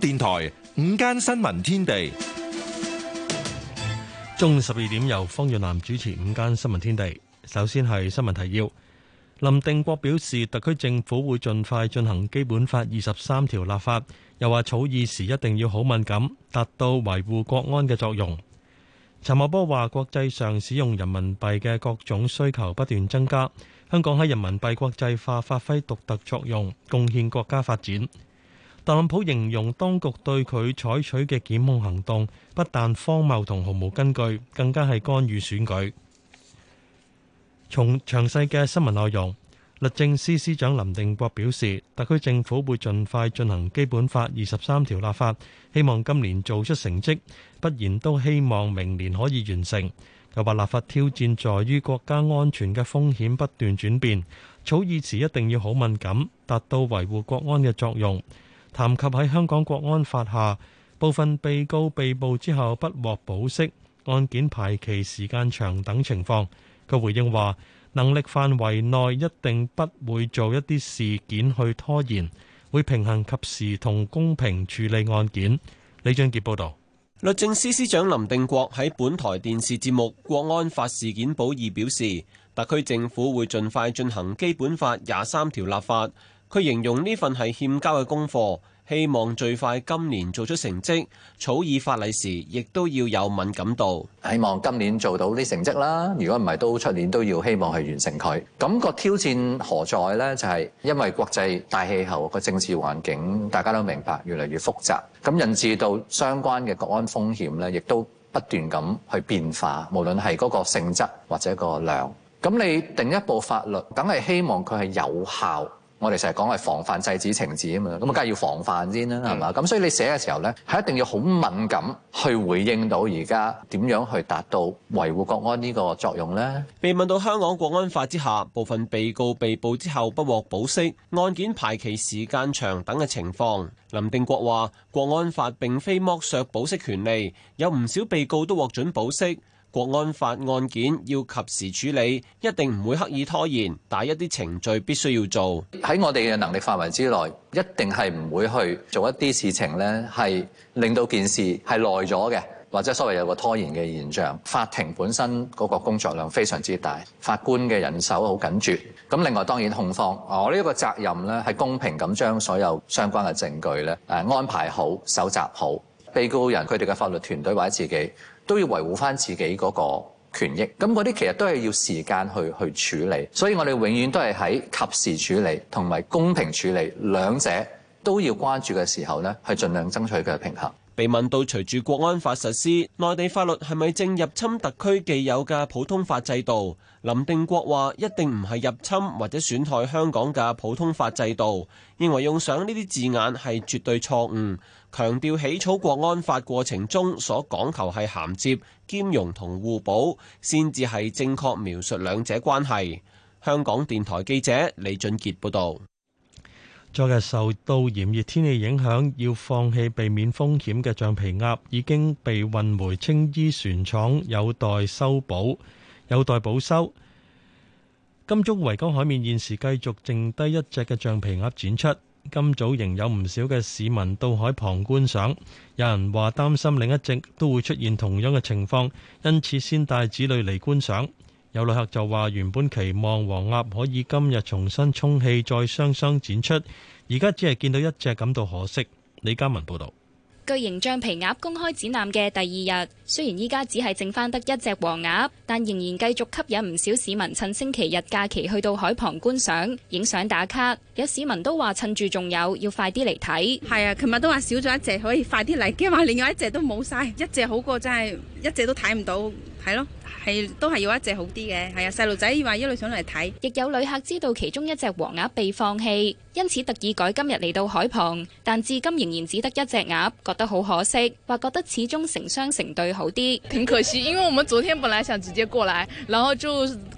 電台午間新聞天地，中午十二點由方潤南主持午間新聞天地。首先係新聞提要。林定國表示，特區政府會盡快進行《基本法》二十三條立法，又話草擬時一定要好敏感，達到維護國安嘅作用。陳茂波話，國際上使用人民幣嘅各種需求不斷增加，香港喺人民幣國際化發揮獨特作用，貢獻國家發展。特朗普形容當局對佢採取嘅檢控行動不但荒謬同毫無根據，更加係干預選舉。從詳細嘅新聞內容，律政司司長林定國表示，特區政府會盡快進行《基本法》二十三條立法，希望今年做出成績，不然都希望明年可以完成。佢話立法挑戰在於國家安全嘅風險不斷轉變，草擬時一定要好敏感，達到維護國安嘅作用。談及喺香港國安法下，部分被告被捕之後不獲保釋，案件排期時間長等情況，佢回應話：能力範圍內一定不會做一啲事件去拖延，會平衡及時同公平處理案件。李俊傑報導，律政司司長林定國喺本台電視節目《國安法事件簿》表示，特區政府會盡快進行《基本法》廿三條立法。佢形容呢份係欠交嘅功課，希望最快今年做出成績。草擬法例時，亦都要有敏感度。希望今年做到啲成績啦。如果唔係，都出年都要希望去完成佢。咁個挑戰何在咧？就係因為國際大氣候個政治環境，大家都明白越嚟越複雜，咁引致到相關嘅國安風險咧，亦都不斷咁去變化，無論係嗰個性質或者嗰個量。咁你定一部法律，梗係希望佢係有效。我哋成日講係，防範、制止、懲治啊嘛，咁啊，梗係要防範先啦，係嘛？咁，所以你寫嘅時候咧，係一定要好敏感去回應到而家點樣去達到維護國安呢個作用咧。被問到香港國安法之下部分被告被捕之後不獲保釋、案件排期時間長等嘅情況，林定國話：國安法並非剝削保釋權利，有唔少被告都獲准保釋。國安法案件要及時處理，一定唔會刻意拖延，但一啲程序必須要做。喺我哋嘅能力範圍之內，一定係唔會去做一啲事情呢係令到件事係耐咗嘅，或者所謂有個拖延嘅現象。法庭本身嗰個工作量非常之大，法官嘅人手好緊絀。咁另外，當然控方，我呢個責任呢係公平咁將所有相關嘅證據呢誒安排好、搜集好，被告人佢哋嘅法律團隊或者自己，都要維護返自己嗰個權益，咁嗰啲其實都係要時間去去處理，所以我哋永遠都係喺及時處理同埋公平處理兩者都要關注嘅時候咧，去盡量爭取佢嘅平衡。被問到隨住國安法實施，內地法律係咪正入侵特區既有嘅普通法制度？林定國話：一定唔係入侵或者損害香港嘅普通法制度，認為用上呢啲字眼係絕對錯誤。強調起草國安法過程中所講求係銜接、兼容同互補，先至係正確描述兩者關係。香港電台記者李俊傑報導。昨日，受到炎熱天氣影響，要放棄避免風險嘅橡皮鴨已經被運回青衣船廠，有待修補，有待保修。金鐘維港海面現時繼續剩低一隻嘅橡皮鴨展出，今早仍有唔少嘅市民到海旁觀賞，有人話擔心另一隻都會出現同樣嘅情況，因此先帶子女嚟觀賞。有旅客就話：原本期望黃鴨可以今日重新充氣再雙雙展出，而家只係見到一隻，感到可惜。李家文報導，巨型橡皮鴨公開展覽嘅第二日，雖然依家只係剩返得一隻黃鴨，但仍然繼續吸引唔少市民趁星期日假期去到海旁觀賞、影相打卡。有市民都話：趁住仲有，要快啲嚟睇。係啊，琴日都話少咗一隻，可以快啲嚟。驚話另外一隻都冇晒，一隻好過真係。一隻都睇唔到，係咯，係都係要一隻好啲嘅，係啊，細路仔話一路想嚟睇，亦有旅客知道其中一隻黃鴨被放棄，因此特意改今日嚟到海旁，但至今仍然只得一隻鴨，覺得好可惜，話覺得始終成雙成對好啲。挺可惜，因為我們昨天本來想直接過來，然後就。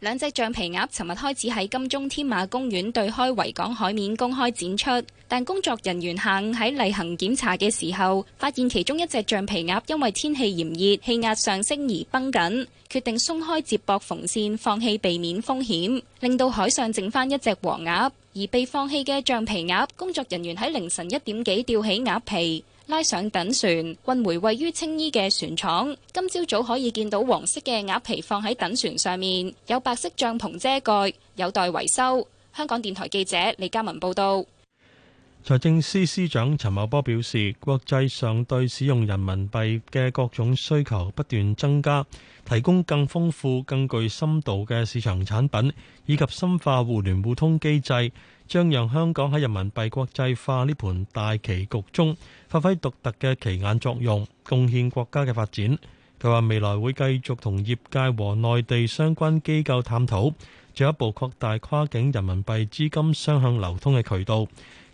兩隻橡皮鴨尋日開始喺金鐘天馬公園對開維港海面公開展出，但工作人員下午喺例行檢查嘅時候，發現其中一隻橡皮鴨因為天氣炎熱氣壓上升而繃緊，決定鬆開接駁縫線，放棄避免風險，令到海上剩返一隻黃鴨。而被放棄嘅橡皮鴨，工作人員喺凌晨一點幾吊起鴨皮。拉上躉船運回位於青衣嘅船廠，今朝早，早可以見到黃色嘅鴨皮放喺躉船上面，有白色帳篷遮蓋，有待維修。香港電台記者李嘉文報道。財政司司長陳茂波表示，國際上對使用人民幣嘅各種需求不斷增加，提供更豐富、更具深度嘅市場產品，以及深化互聯互通機制，將讓香港喺人民幣國際化呢盤大棋局中發揮獨特嘅棋眼作用，貢獻國家嘅發展。佢話，未來會繼續同業界和內地相關機構探討，進一步擴大跨境人民幣資金雙向流通嘅渠道。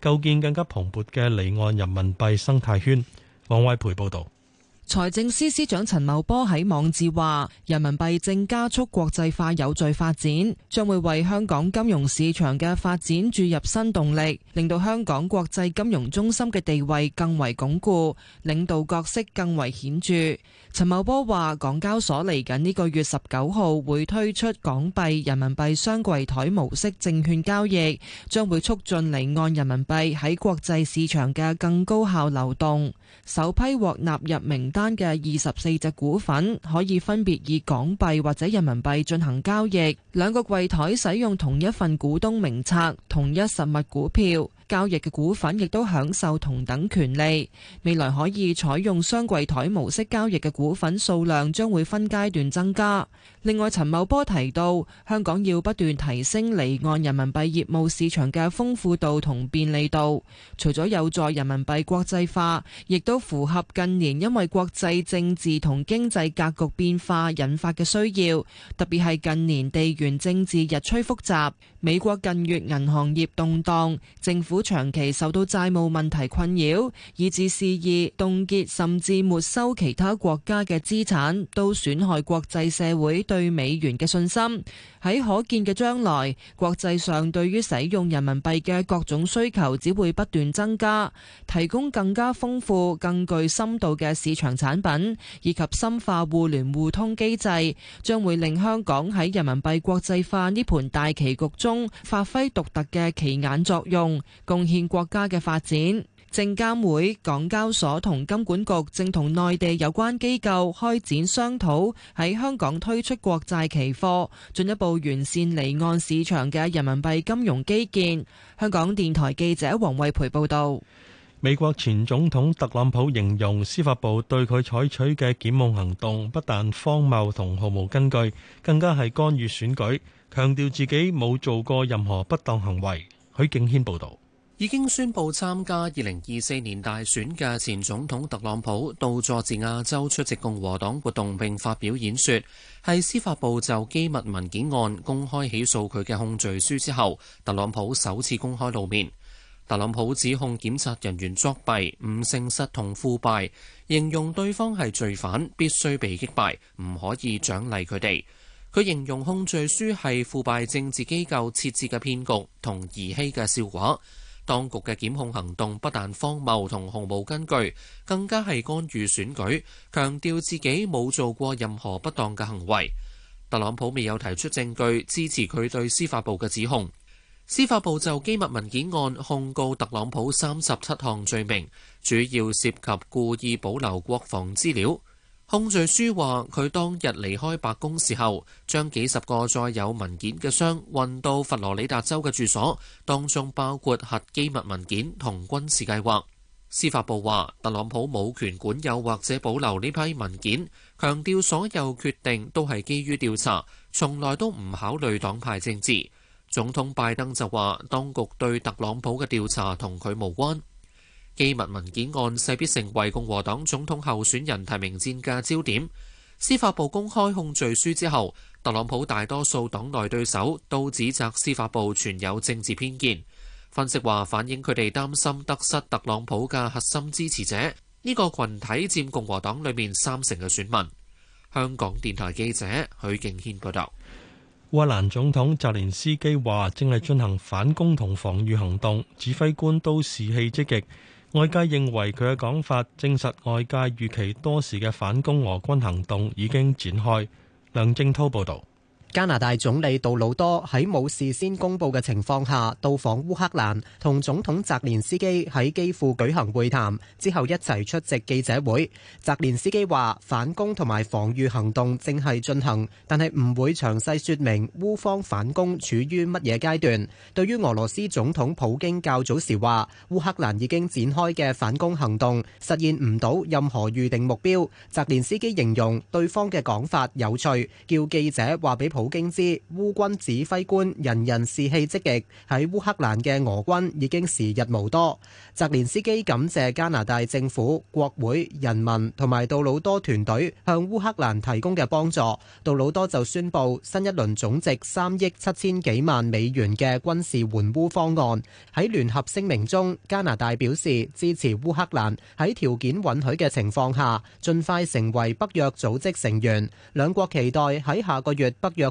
構建更加蓬勃嘅離岸人民幣生態圈。王偉培報道。財政司司長陳茂波喺網誌話，人民幣正加速國際化有序發展，將會為香港金融市場嘅發展注入新動力，令到香港國際金融中心嘅地位更為鞏固，領導角色更為顯著。陳茂波話：港交所嚟緊呢個月十九號會推出港幣、人民幣雙櫃台模式證券交易，將會促進離岸人民幣喺國際市場嘅更高效流動。首批獲納入名單嘅二十四隻股份，可以分別以港幣或者人民幣進行交易。兩個櫃台使用同一份股東名冊，同一實物股票。交易嘅股份亦都享受同等權利，未來可以採用雙櫃檯模式交易嘅股份數量將會分階段增加。另外，陳茂波提到，香港要不斷提升離岸人民幣業務市場嘅豐富度同便利度，除咗有助人民幣國際化，亦都符合近年因為國際政治同經濟格局變化引發嘅需要，特別係近年地緣政治日趨複雜，美國近月銀行業動盪，政府。股長期受到債務問題困擾，以致肆意凍結甚至沒收其他國家嘅資產，都損害國際社會對美元嘅信心。喺可見嘅將來，國際上對於使用人民幣嘅各種需求只會不斷增加。提供更加豐富、更具深度嘅市場產品，以及深化互聯互通機制，將會令香港喺人民幣國際化呢盤大棋局中發揮獨特嘅棋眼作用。貢獻國家嘅發展，證監會、港交所、同金管局正同內地有關機構開展商討，喺香港推出國債期貨，進一步完善離岸市場嘅人民幣金融基建。香港電台記者黃惠培報道。美國前總統特朗普形容司法部對佢採取嘅檢控行動不但荒謬同毫無根據，更加係干預選舉，強調自己冇做過任何不當行為。許敬軒報道。已經宣布參加二零二四年大選嘅前總統特朗普到佐治亞州出席共和黨活動，並發表演說。係司法部就機密文件案公開起訴佢嘅控罪書之後，特朗普首次公開露面。特朗普指控檢察人員作弊、唔誠實同腐敗，形容對方係罪犯，必須被擊敗，唔可以獎勵佢哋。佢形容控罪書係腐敗政治機構設置嘅騙局同兒戲嘅笑話。當局嘅檢控行動不但荒謬同毫無根據，更加係干預選舉，強調自己冇做過任何不當嘅行為。特朗普未有提出證據支持佢對司法部嘅指控。司法部就機密文件案控告特朗普三十七項罪名，主要涉及故意保留國防資料。控罪書話佢當日離開白宮時候，將幾十個載有文件嘅箱運到佛羅里達州嘅住所，當中包括核機密文件同軍事計劃。司法部話特朗普冇權管有或者保留呢批文件，強調所有決定都係基於調查，從來都唔考慮黨派政治。總統拜登就話，當局對特朗普嘅調查同佢無關。機密文件案勢必成為共和黨總統候選人提名戰嘅焦點。司法部公開控罪書之後，特朗普大多數黨內對手都指責司法部存有政治偏見。分析話，反映佢哋擔心得失特朗普嘅核心支持者呢個群體佔共和黨裏面三成嘅選民。香港電台記者許敬軒報道。烏克蘭總統澤連斯基話：正係進行反攻同防禦行動，指揮官都士氣積極。外界認為佢嘅講法證實外界預期多時嘅反攻俄軍行動已經展開。梁正濤報導。加拿大總理杜魯多喺冇事先公布嘅情況下到訪烏克蘭，同總統澤連斯基喺機庫舉行會談之後一齊出席記者會。澤連斯基話反攻同埋防禦行動正係進行，但係唔會詳細說明烏方反攻處於乜嘢階段。對於俄羅斯總統普京較早時話烏克蘭已經展開嘅反攻行動實現唔到任何預定目標，澤連斯基形容對方嘅講法有趣，叫記者話俾普。普京知烏軍指揮官人人士氣積極，喺烏克蘭嘅俄軍已經時日無多。澤連斯基感謝加拿大政府、國會、人民同埋杜魯多團隊向烏克蘭提供嘅幫助。杜魯多就宣布新一輪總值三億七千幾萬美元嘅軍事援烏方案。喺聯合聲明中，加拿大表示支持烏克蘭喺條件允許嘅情況下，盡快成為北約組織成員。兩國期待喺下個月北約。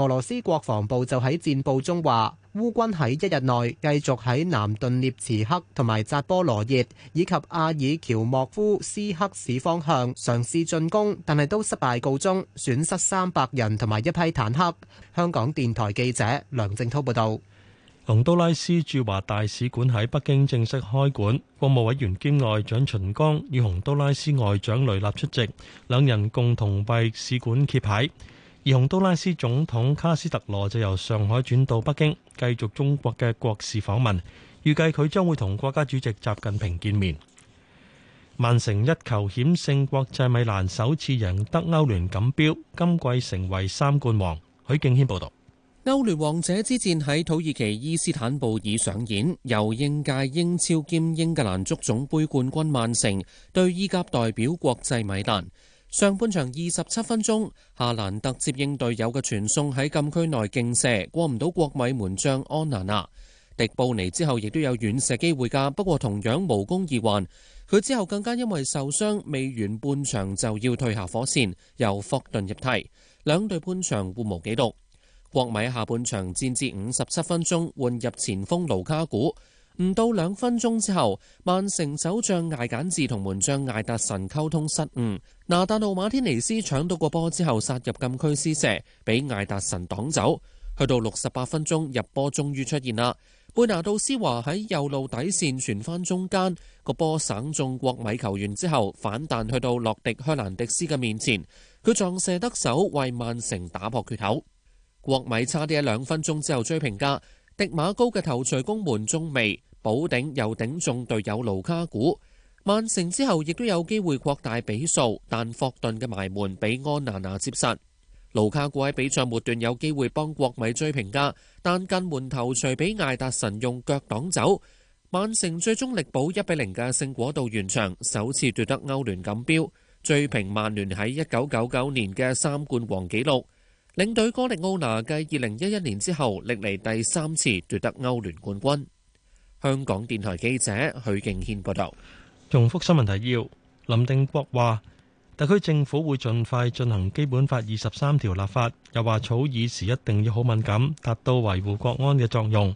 俄羅斯國防部就喺戰報中話，烏軍喺一日內繼續喺南頓涅茨克同埋扎波羅熱以及阿爾喬莫夫斯克市方向嘗試進攻，但係都失敗告終，損失三百人同埋一批坦克。香港電台記者梁正濤報道。洪都拉斯駐華大使館喺北京正式開館，國務委員兼外長秦剛與洪都拉斯外長雷納出席，兩人共同為使館揭牌。而洪都拉斯總統卡斯特羅就由上海轉到北京，繼續中國嘅國事訪問。預計佢將會同國家主席習近平見面。曼城一球險勝國際米蘭，首次贏得歐聯錦標，今季成為三冠王。許敬軒報導。歐聯王者之戰喺土耳其伊斯坦布爾上演，由應屆英超兼英格蘭足總杯冠軍曼城對意甲代表國際米蘭。上半場二十七分鐘，夏蘭特接應隊友嘅傳送喺禁區內勁射，過唔到國米門將安娜娜。迪布尼之後亦都有遠射機會㗎，不過同樣無功而還。佢之後更加因為受傷，未完半場就要退下火線，由霍頓入替。兩隊半場互無紀錄，國米下半場戰至五十七分鐘，換入前鋒盧卡古。唔到兩分鐘之後，曼城守將艾簡治同門將艾達臣溝通失誤。拿達路馬天尼斯搶到個波之後，殺入禁區施射，俾艾達臣擋走。去到六十八分鐘，入波終於出現啦！貝拿杜斯華喺右路底線傳翻中間，個波省中國米球員之後反彈去到洛迪克蘭迪斯嘅面前，佢撞射得手，為曼城打破缺口。國米差啲喺兩分鐘之後追平架。迪馬高嘅頭槌攻門中楣。保頂又頂中隊友盧卡古，曼城之後亦都有機會擴大比數，但霍頓嘅埋門俾安納拿接實。盧卡古喺比賽末段有機會幫國米追平噶，但近門頭錘俾艾達臣用腳擋走。曼城最終力保一比零嘅勝果到完場，首次奪得歐聯錦標，追平曼聯喺一九九九年嘅三冠王紀錄。領隊哥迪奧拿繼二零一一年之後，歷嚟第三次奪得歐聯冠軍。香港電台記者許敬軒報道。重複新聞提要：林定國話，特區政府會盡快進行基本法二十三條立法，又話草擬時一定要好敏感，達到維護國安嘅作用。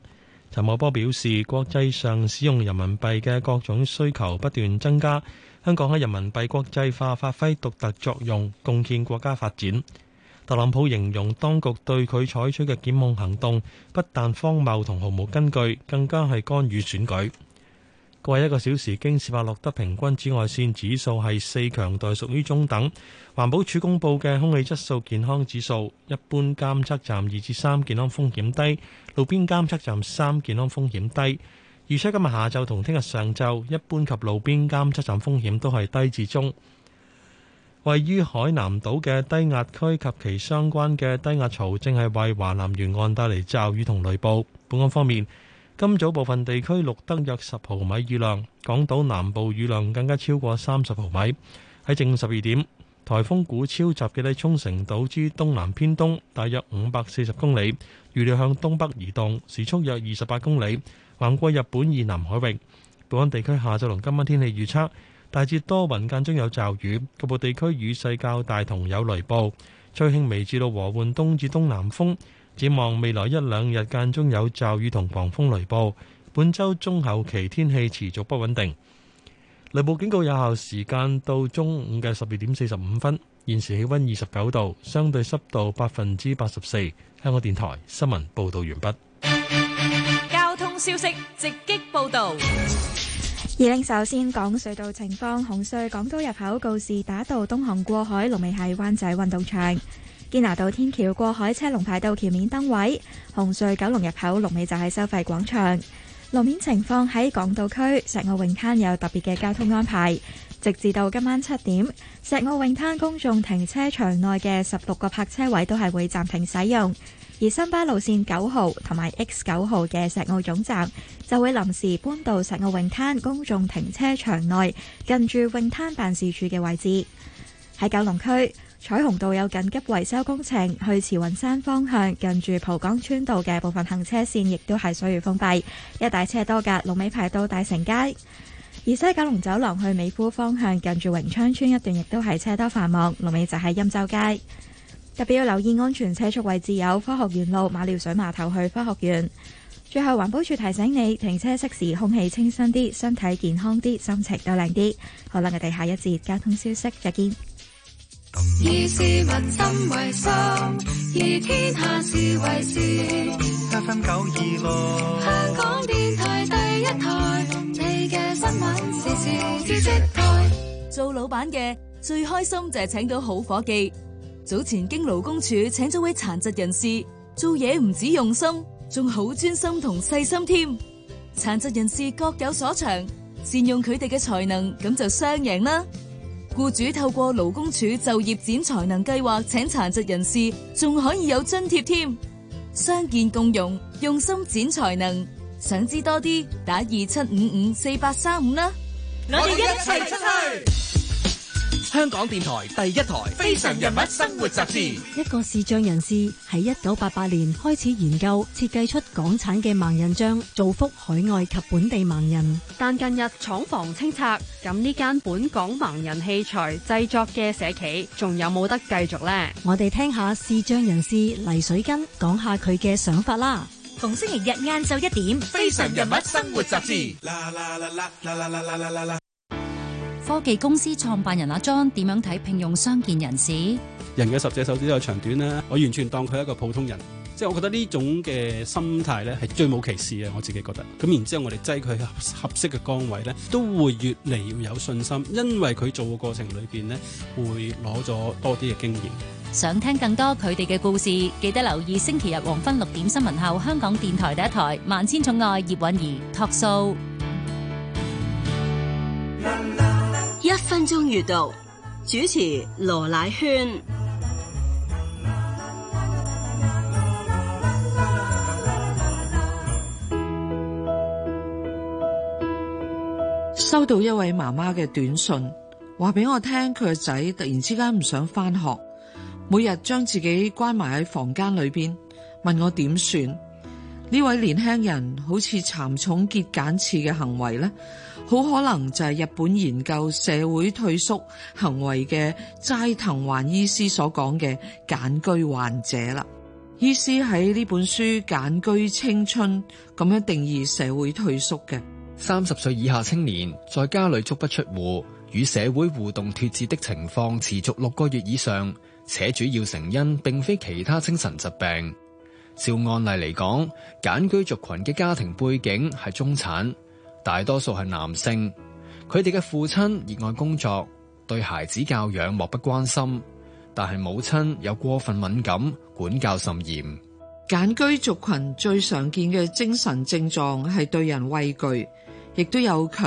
陳茂波表示，國際上使用人民幣嘅各種需求不斷增加，香港喺人民幣國際化發揮獨特作用，貢獻國家發展。特朗普形容當局對佢採取嘅檢控行動不但荒謬同毫無根據，更加係干預選舉。過去一個小時，京士柏錄得平均紫外線指數係四，強度屬於中等。環保署公佈嘅空氣質素健康指數，一般監測站二至三，健康風險低；路邊監測站三，健康風險低。預測今日下晝同聽日上晝，一般及路邊監測站風險都係低至中。位於海南島嘅低壓區及其相關嘅低壓槽，正係為華南沿岸帶嚟驟雨同雷暴。本港方面，今早部分地區錄得約十毫米雨量，港島南部雨量更加超過三十毫米。喺正午十二點，颱風古超集結喺沖繩島之東南偏東，大約五百四十公里，預料向東北移動，時速約二十八公里，橫過日本以南海域。本港地區下晝同今晚天氣預測。大致多雲，間中有驟雨，局部地區雨勢較大，同有雷暴。吹輕微至到和緩東至東南風。展望未來一兩日間中有驟雨同狂風雷暴。本周中後期天氣持續不穩定。雷暴警告有效時間到中午嘅十二點四十五分。現時氣温二十九度，相對濕度百分之八十四。香港電台新聞報道完畢。交通消息直擊報道。二零，首先講隧道情況。紅隧港島入口告示打道東行過海，龍尾係灣仔運動場；堅拿道天橋過海車龍排到橋面燈位。紅隧九龍入口龍尾就係收費廣場。路面情況喺港島區石澳泳灘有特別嘅交通安排，直至到今晚七點。石澳泳灘公眾停車場內嘅十六個泊車位都係會暫停使用。而新巴路線九號同埋 x 九號嘅石澳總站就會臨時搬到石澳泳灘公眾停車場內，近住泳灘辦事處嘅位置。喺九龍區彩虹道有緊急維修工程，去慈雲山方向近住蒲崗村道嘅部分行車線亦都係需要封閉，一帶車多㗎。龍尾排到大成街。而西九龍走廊去美孚方向近住榮昌村一段亦都係車多繁忙，龍尾就喺欽州街。特別要留意安全車速位置有科學園路馬料水碼頭去科學園。最後環保署提醒你停車熄匙空氣清新啲，身體健康啲，心情都靚啲。好啦，我哋下一節交通消息再見。以市民心為心，以天下事為事，加分九二六。香港電台第一台，你嘅新聞時事知識台。做老闆嘅最開心就係請到好伙計。早前經勞工處請咗位殘疾人士做嘢，唔止用心，仲好專心同細心添。殘疾人士各有所長，善用佢哋嘅才能，咁就雙贏啦。僱主透過勞工處就業展才能計劃請殘疾人士，仲可以有津貼添。相見共融，用心展才能，想知多啲，打二七五五四八三五啦。我哋一齊出去。香港電台第一台《非常人物生活雜誌》，一個視障人士喺一九八八年開始研究設計出港產嘅盲人杖，造福海外及本地盲人。但近日廠房清拆，咁呢間本港盲人器材製作嘅社企還有沒有，仲有冇得繼續咧？我哋聽下視障人士黎水根講下佢嘅想法啦。逢星期日晏晝一點，《非常人物生活雜誌》。科技公司創辦人阿莊點樣睇聘用傷健人士？人嘅十隻手指都有長短啦，我完全當佢一個普通人，即係我覺得呢種嘅心態咧係最冇歧視嘅，我自己覺得。咁然之後我哋擠佢合適嘅崗位咧，都會越嚟越有信心，因為佢做嘅過程裏邊呢，會攞咗多啲嘅經驗。想聽更多佢哋嘅故事，記得留意星期日黃昏六點新聞後，香港電台第一台《萬千寵愛葉蘊儀》托數。一分鐘閱讀，主持羅乃萱。收到一位媽媽嘅短信，話俾我聽佢個仔突然之間唔想返學，每日將自己關埋喺房間裏邊，問我點算？呢位年輕人好似蠶蟲結繭似嘅行為呢，好可能就係日本研究社會退縮行為嘅齋藤環醫師所講嘅簡居患者啦。醫師喺呢本書《簡居青春》咁樣定義社會退縮嘅三十歲以下青年，在家裏足不出戶，與社會互動脫節的情況持續六個月以上，且主要成因並非其他精神疾病。照案例嚟講，簡居族群嘅家庭背景係中產。大多數係男性，佢哋嘅父親熱愛工作，對孩子教養漠不關心，但係母親有過分敏感，管教甚嚴。繭居族群最常見嘅精神症狀係對人畏懼，亦都有強。